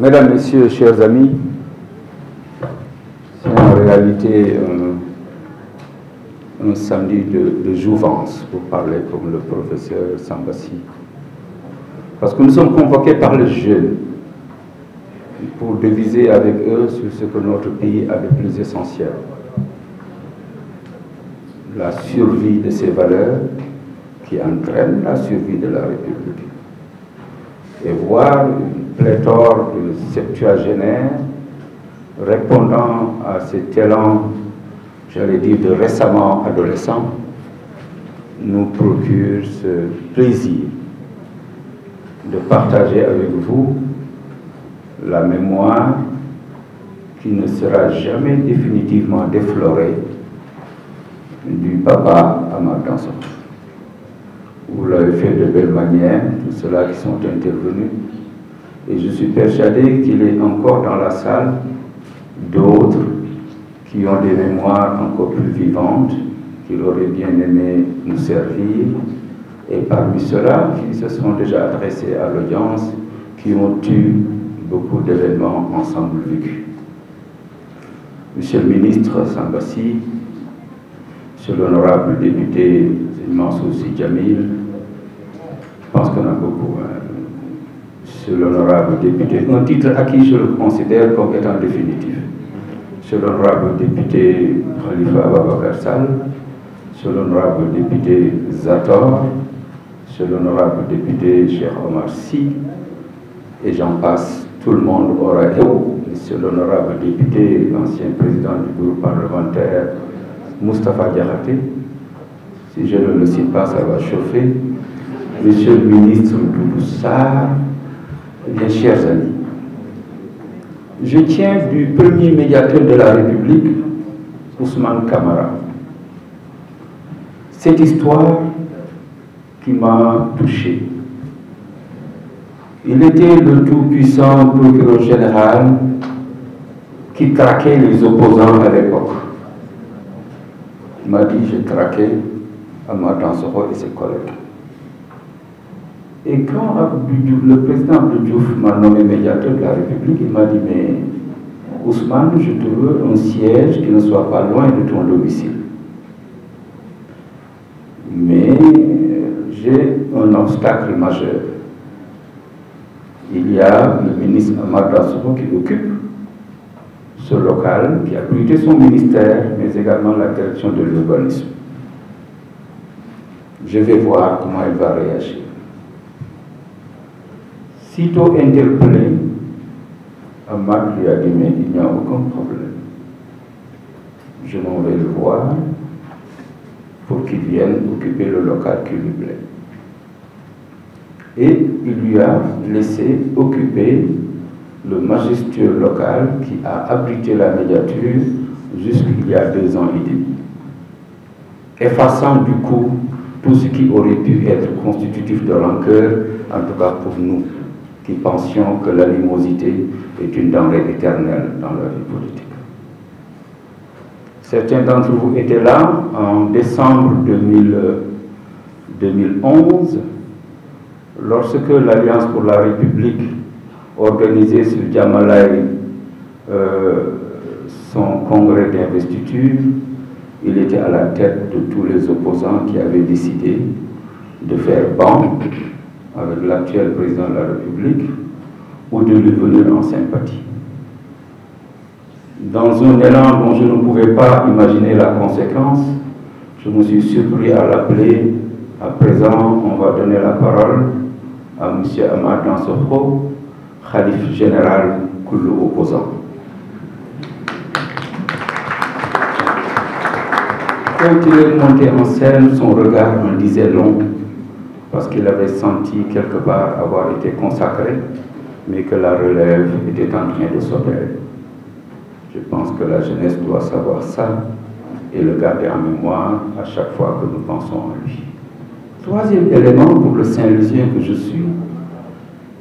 Mesdames, Messieurs, chers amis, c'est en réalité euh, un, samedi de, jouvence, pour parler comme le professeur Sambassi. Parce que nous sommes convoqués par les jeunes pour deviser avec eux sur ce que notre pays a de plus essentiel. La survie de ses valeurs qui entraînent la survie de la République. Et voir pléthore de septuagénaires répondant à ces talents, j'allais dire, de récemment adolescents, nous procure ce plaisir de partager avec vous la mémoire qui ne sera jamais définitivement déflorée du papa à ma Vous l'avez fait de belle manière, tous ceux-là qui sont intervenus et je suis persuadé qu'il est encore dans la salle d'autres qui ont des mémoires encore plus vivantes, qu'il aurait bien aimé nous servir, et parmi ceux-là qui se sont déjà adressés à l'audience, qui ont eu beaucoup d'événements ensemble vécus. Monsieur le ministre Sambassi, Monsieur l'honorable député Mansour Jamil, je pense qu'on a beaucoup. Hein, sur l'honorable député, un titre acquis je le considère comme étant définitif. Sur l'honorable député Khalifa Baba sur l'honorable député Zator, sur l'honorable député Cheikh Omar et j'en passe, tout le monde au aura Monsieur l'honorable député, l'ancien président du groupe parlementaire, Moustapha Diakhaté. Si je ne le cite pas, ça va chauffer. Monsieur le ministre Doudou mes chers amis, je tiens du premier médiateur de la République, Ousmane Kamara. Cette histoire qui m'a touché. Il était le tout-puissant procureur général qui traquait les opposants à l'époque. Il m'a dit, je traquais à Soro et ses collègues. Et quand le président Diouf m'a nommé médiateur de la République, il m'a dit Mais Ousmane, je te veux un siège qui ne soit pas loin de ton domicile. Mais j'ai un obstacle majeur. Il y a le ministre Amad qui occupe ce local, qui a abrité son ministère, mais également la direction de l'urbanisme. Je vais voir comment il va réagir. Sitôt interpellé, Ahmad lui a dit, mais il n'y a aucun problème. Je m'en vais le voir pour qu'il vienne occuper le local qui lui plaît. Et il lui a laissé occuper le majestueux local qui a abrité la médiature jusqu'il y a deux ans et demi, effaçant du coup tout ce qui aurait pu être constitutif de rancœur, en tout cas pour nous, qui pensions que l'animosité est une denrée éternelle dans leur vie politique. Certains d'entre vous étaient là en décembre 2011, lorsque l'Alliance pour la République organisait sur Djamalai euh, son congrès d'investiture. Il était à la tête de tous les opposants qui avaient décidé de faire banque avec l'actuel président de la République ou de lui venir en sympathie. Dans un élan dont je ne pouvais pas imaginer la conséquence, je me suis surpris à l'appeler. À présent, on va donner la parole à M. Ahmad Dansofo, Khalif général Koulou opposant. Quand il est monté en scène, son regard me disait long parce qu'il avait senti quelque part avoir été consacré, mais que la relève était en train de s'opérer. Je pense que la jeunesse doit savoir ça et le garder en mémoire à chaque fois que nous pensons à lui. Troisième élément pour le saint Lucien que je suis,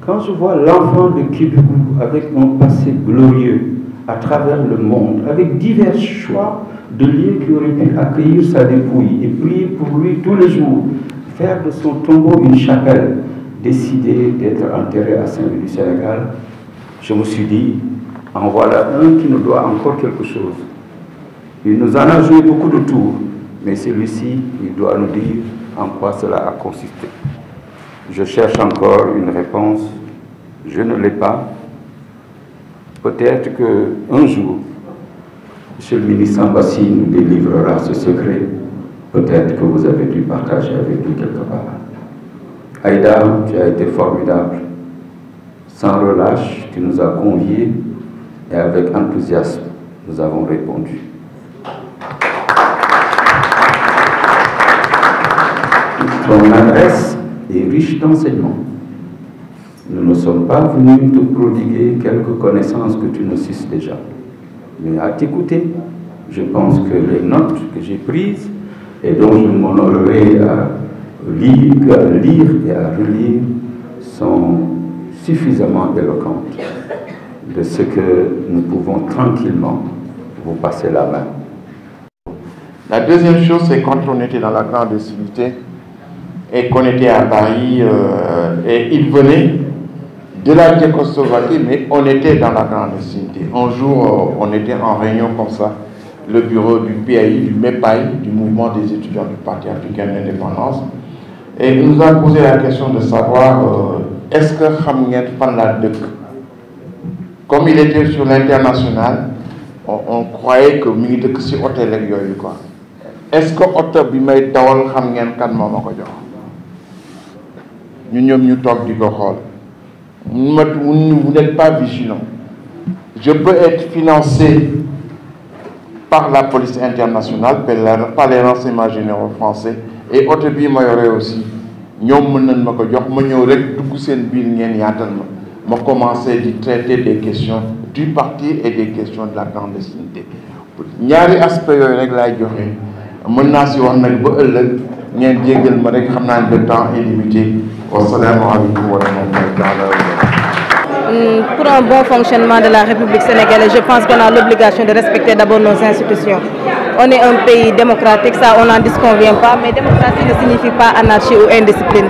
quand je vois l'enfant de Kibou avec mon passé glorieux à travers le monde, avec divers choix de lieux qui auraient pu accueillir sa dépouille et prier pour lui tous les jours, faire de son tombeau une chapelle, décidée d'être enterré à Saint-Louis du Sénégal, je me suis dit, en voilà un qui nous doit encore quelque chose. Il nous en a joué beaucoup de tours, mais celui-ci, il doit nous dire en quoi cela a consisté. Je cherche encore une réponse, je ne l'ai pas. Peut-être qu'un jour, M. le ministre Ambassi nous délivrera ce secret peut-être que vous avez dû partager avec lui quelque part. Aïda, tu as été formidable. Sans relâche, tu nous as conviés et avec enthousiasme, nous avons répondu. Ton adresse est riche d'enseignements. Nous ne sommes pas venus te prodiguer quelques connaissances que tu nous sais déjà. Mais à t'écouter, je pense que les notes que j'ai prises et donc je à lire, à lire et à relire sont suffisamment éloquentes de ce que nous pouvons tranquillement vous passer la main. La deuxième chose, c'est quand on était dans la grande cité et qu'on était à Paris euh, et il venait de la Tchécoslovaquie, mais on était dans la grande cité. Un jour, euh, on était en réunion comme ça le bureau du PAI, du MEPAI, du mouvement des étudiants du Parti africain d'indépendance. Et il nous a posé la question de savoir euh, est-ce que Khamien la Comme il était sur l'international, on, croyait que Minidek si hôtel est quoi. Est-ce que hôtel Bimay Tawal kan Nous sommes tous sommes du Vous n'êtes pas vigilants. Je peux être financé par la police internationale par les renseignements généraux français et oto bii aussi ñoom mën nañ ma ko jox ma ñëw rek dugg seen biir ngeen yaatal ma ma commencé di traiter des questions du parti et des questions de la clandestinité ñaari aspect yooyu rek laay joxe mën naa si wax nag ba ëllëg ngeen jéggal ma rek xam naa ne le temps est limité wasalaamualeykum wa rahmatullahi pour un bon fonctionnement de la République sénégalaise, je pense qu'on a l'obligation de respecter d'abord nos institutions. On est un pays démocratique, ça on n'en disconvient pas, mais démocratie ne signifie pas anarchie ou indiscipline.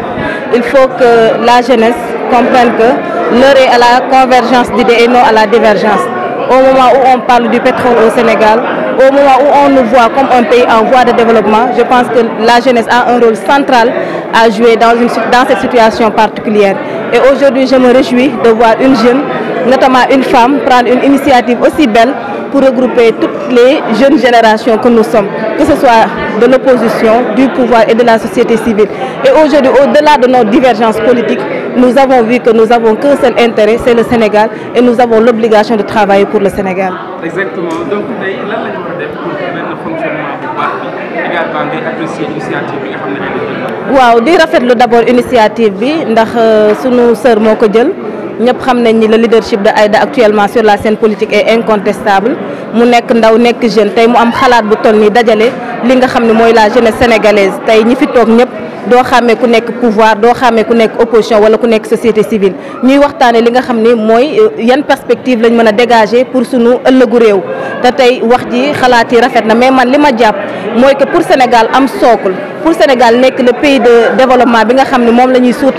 Il faut que la jeunesse comprenne que l'heure est à la convergence d'idées et non à la divergence. Au moment où on parle du pétrole au Sénégal, au moment où on nous voit comme un pays en voie de développement, je pense que la jeunesse a un rôle central à jouer dans, dans cette situation particulière. Et aujourd'hui, je me réjouis de voir une jeune, notamment une femme, prendre une initiative aussi belle pour regrouper toutes les jeunes générations que nous sommes, que ce soit de l'opposition, du pouvoir et de la société civile. Et aujourd'hui, au-delà de nos divergences politiques, nous avons vu que nous avons qu'un seul intérêt, c'est le Sénégal, et nous avons l'obligation de travailler pour le Sénégal. Exactement. Donc, fonctionnement du parti, waaw di rafetlu d'abord initiative bi ndax euh, sunu sœur moo ko jël ñëpp xam nañ ni le leadership de Aïda actuellement sur la scène politique est incontestable mu nekk ndaw nekk jeune tey mu am xalaat bu toll nii dajale li nga xam ne mooy la jeunesse sénégalaise tey ñi fi toog ñëpp. doo xàmmee ku pouvoir doo xàmmee ku opposition wala ku société civile ñuy waxtaane li nga xam ni mooy euh, perspective lañ mën dégager pour sunu ëllëgu réew te tey wax ji xalaat yi rafet mais man li ma jàpp que pour Sénégal am socle pour Sénégal nek le pays de développement bi nga xam mom lañuy la ñuy sous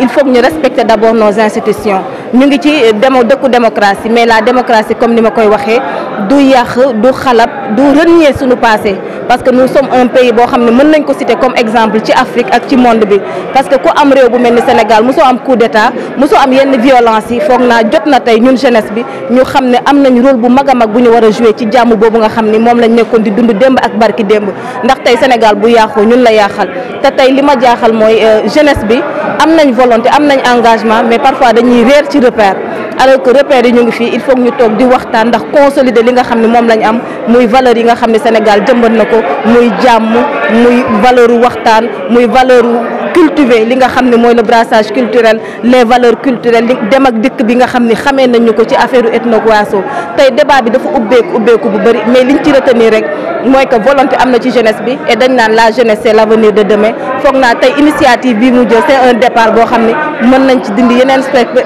il faut que ñu respecter d'abord nos institutions ñu ngi ci euh, demo dëkku démocratie mais la démocratie comme nima koy waxé du yakh du xalab du renier sunu passé parce que nous sommes un pays bo xamné ne mën nañ ko citer comme exemple ci Afrique ak ci monde bi parce que ko am réew bu melni Sénégal mosoo am coup d'état mosoo am yenn violence yi foog naa jot na tey ñun jeunesse bi ñu xamné am nañ rôle bu maga mag bu ñu wara jouer ci jamm boobu nga xamné mom lañ nekkon di dund demb ak barki demb ndax tay Sénégal bu yaaxoo ñun la yaaxal té tay lima jaaxal moy euh, jeunesse bi am nañ volonté am nañ engagement mais parfois dañuy réer ci repère alors que repère yi ñu ngi fi il faut ñu tok di waxtaan ndax consolider li nga xam mom lañ am muy valeur yi nga xam Sénégal jëmbat nako muy jamm muy valeur waxtaan muy valeur cultiver li nga xam moy le brassage culturel les valeurs culturelles li dem ak dikk bi nga xam xamé nañ ñuko ci affaire ethno tay débat bi dafa ubbeeku ko bu bari mais liñ ci retenir rek moy que volonté amna ci jeunesse bi et dañ naan la jeunesse c'est l'avenir de demain foog na tay initiative bi mu jël c'est un départ bo xam meun nañ ci dindi yenen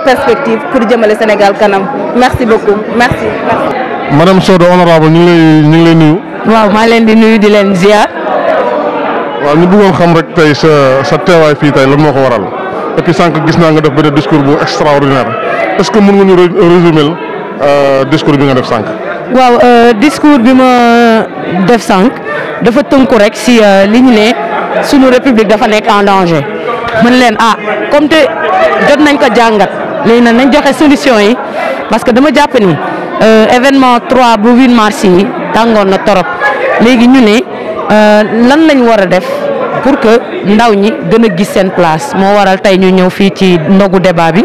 perspective pour jëmele Sénégal kanam merci beaucoup merci. madame Sodo honorable ñu ngi lay ñu ngi lay nuyu. waaw ma leen di nuyu di len ziar. waaw ñu bëggoon xam rek tay sa sa téway fi tay lan moko waral et puis sànq gis na nga def discours bu extraordinaire est-ce que mën nga ñu résumer euh, discours bi nga def sank waaw euh, discours bi ma euh, def sànq dafa tënku rek si euh, li ñu ne sunu république dafa nekk en danger mën leen ah comme te jot nañ ko jàngat léegi nag nañ joxe solution yi parce que dama jàpp ni événement 3 bu 8 mars yi tàngoon na torop léegi ñu ne lan lañ war a def pour que ndaw ñi gën a gis seen place moo waral tey ñu ñëw fii ci ndogu débat bi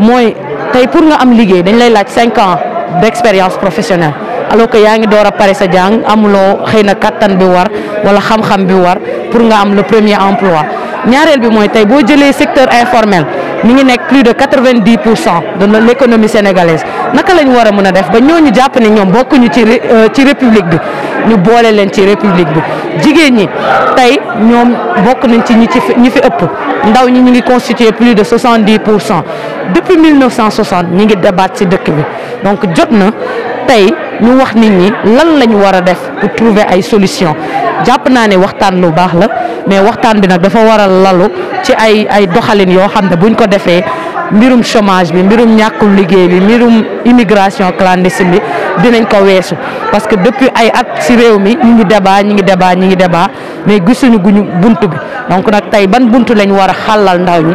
mooy tey pour nga am liggéey dañ lay laaj cinq ans d'expérience professionnelle alors que yaa ngi door a pare sa jàng amuloo xëy na kàttan bi war wala xam-xam bi war pour nga am le premier emploi ñaareel bi mooy tey boo jëlee secteur informel nous plus de 90% de l'économie sénégalaise. Nous avons dit que nous avons nous avons beaucoup que nous avons République. nous avons beaucoup République. Digeni, tay ñom bokku nañ ci ñi fi ëpp ndaw ñi plus de 70% depuis 1960 nous ngi débattre ci dëkk bi donc jotna tay ñu wax nit lan lañ wara def pour trouver ay solutions jàpp naa ne waxtaan lu baax la mais waxtaan bi nag dafa waral a lalu ci ay ay doxalin yoo xam ne bu ñu ko defee mbirum chômage bi mbirum ñàkkum liggéey bi mbirum immigration clandestine bi dinañ ko weesu parce que depuis ay at ci réew mi ñu ngi debaa ñu ngi debaa ñu ngi débat mais gisuñu guñu bunt bi donc nag tey ban bunt lañ war a xàllal ndaw ñi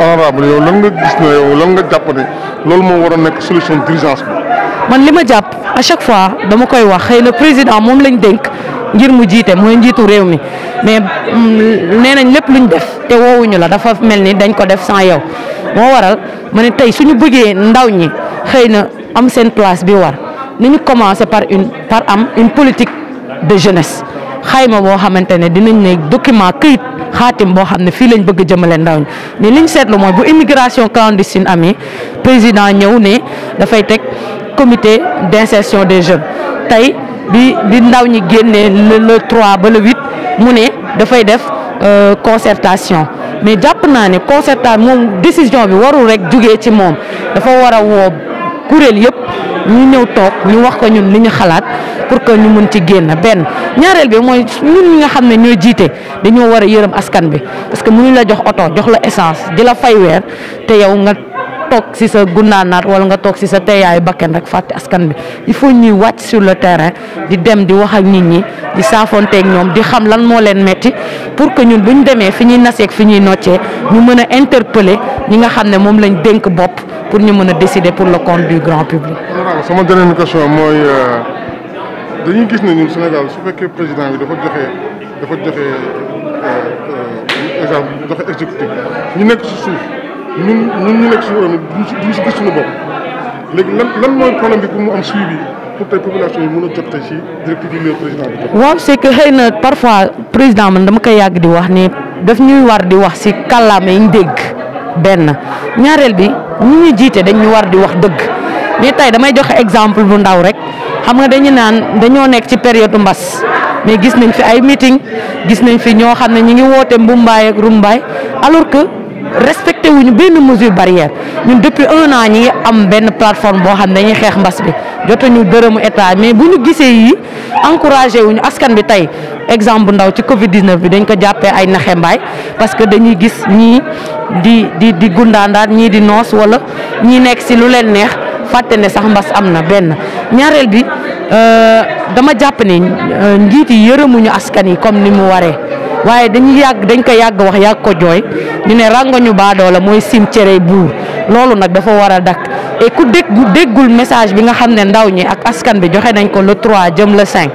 honorable yow lan nga gis ne yow lan nga jàpp ne loolu moo war a nekk solution d'urgence bi. man li ma jàpp à chaque fois dama koy wax xëy na président moom lañ dénk ngir mu jiite mooy njiitu réew mi mais mm, nee nañ lépp luñ def te woowuñu la dafa mel ni dañ ko def sans yow moo waral ma ne tey suñu bëggee ndaw ñi xëy na am seen place bi war ñu commencer par une par am une politique de jeunesse. xayma boo xamante ne dinañ ne document këyit xaatim boo xam ne fii lañ bëgg jëmale ndaw ñi mais liñ seetlu mooy bu immigration clandestine amee président ñëw ne dafay teg comité d'insertion des jeunes tey bi bi ndaw ñi génnee le 3 ba le 8 mu ne dafay def euh, concertation mais jàpp naa ne concertation moom décision bi warul rek jugee ci moom dafa war a woo kuréel yëpp ñu ñëw toog ñu wax ko ñun li ñu xalaat pour que ñu mën ci génn ben ñaarel bi moy ñun ñi nga xamné ñoy jité jiite dañoo war a askan bi parce que mënu la jox auto jox la essence di la fay weer té yow nga tok ci sa gunnaanaat wala nga tok ci sa teyaay bakken rek fatte askan bi il faut ñuy wacc sur le terrain di dem di wax ak nit ñi di ak ñom di xam lan mo leen metti pour que ñun buñu démé fiñi nasé ak fiñi noccé ñu mëna interpeller ñi nga xamné mom lañ dénk bop pour ñu mëna décider pour le compte du grand public. sama dernière question mooy euh, dañuy gis ne ñun Sénégal su fekkee président bi dafa joxe dafa joxe euh, euh, exemple joxe xëy na parfois président man dama koy yàgg di wax ni daf ñuy war di wax si kàllaama yi ñu dégg bi ñu ñu jiite dañ war di wax dëgg mais tey damay joxe exemple bu ndaw rek. xam nga dañu naan dañoo nekk ci période mbas mais gis nañ fi ay meeting gis nañ fi ñoo xam ne ñu ngi woote mbumbaay ak mbaay alors que respecté wuñu benn mesure barrière ñun depuis un an ñi ngi am benn plateforme boo xam ne dañuy xeex mbas bi jotuñu dërëmu état mais bu ñu gisee yi encouragé wuñu askan bi tey exemple ndaw ci Covid 19 bi dañ ko jàppee ay naxe mbaay parce que dañuy gis ñii di di di gundaandaat ñii di noos wala ñii nekk si lu leen neex. fàtte ne sax mbas am na benn ñaareel bi euh, dama jàpp ne euh, njiit yi yërëmuñu askan yi comme ni mu waree waaye dañuy yàgg dañ ko yàgg wax yàgg ko jooy ñu ne rangoñu ñu la mooy cimetière buur loolu nag dafa war a dakk et ku déggul message bi nga xam ne ndaw ñi ak askan bi joxe nañ ko le trois jëm le 5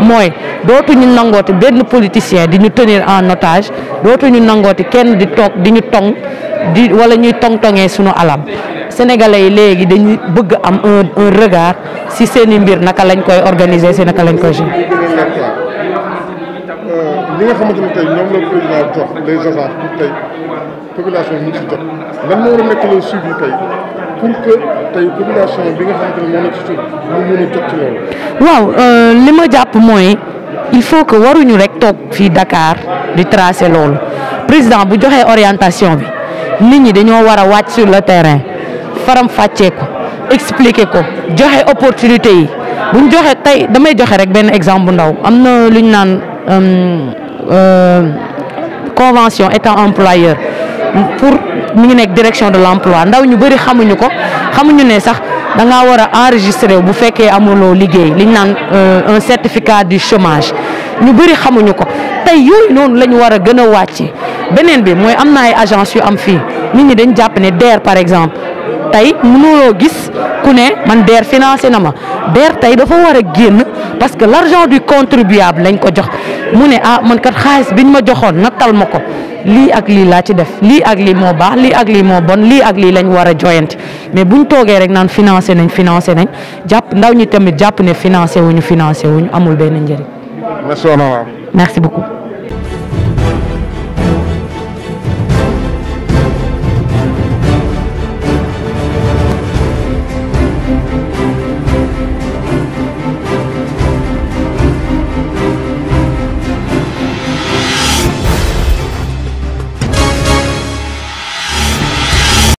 mooy dootuñu nangooti benn politicien di ñu tenir en otage dootuñu nangooti kenn di toog di ñu tong di wala ñuy tong-tongee suñu alam sénégalais yi léegi dañuy bëgg am un un regard si seen i mbir naka lañ koy organiser si naka lañ koy gën. Euh, li nga moo war a nekk le tey pour que tey population bi nga xamante moo nekk ci suuf loolu. waaw euh, li ma jàpp mooy il faut que waruñu rek toog fii dakaar di tracer loolu président bu joxee orientation bi. nit ñi dañoo war a wàcc sur le terrain faram fàccee ko expliquer ko joxe opportunité yi bu ñu joxe tey damay joxe rek benn exemple bu ndaw am na lu ñu naan euh, convention état employeur pour mu ngi nekk direction de l'emploi ndaw ñu bëri xamuñu ko xamuñu ne sax da ngaa war a enregistré bu fekkee amuloo liggéey li ñu naan euh, un certificat du chômage ñu bëri xamuñu ko tey yooyu noonu la ñu war a gën a wàcce benen bi moy am ay agence yu am fi nit ñi dañ japp ne DER par exemple tay mënuloo gis ku né man DER financer na ma DER tay dafa wara a génn parce que l'argent du contribuable lañ ko jox mu ne ah man kat xaalis biñ ma joxoon nattal ma ko lii ak li la ci def li ak li mo bax li ak li mo bon li ak li lañ wara joyante mais buñ togué rek naan financer nañ financer nañ japp ndaw ñi tamit japp ne financer wuñu financer wuñu amul benn njëriñ. merci beaucoup.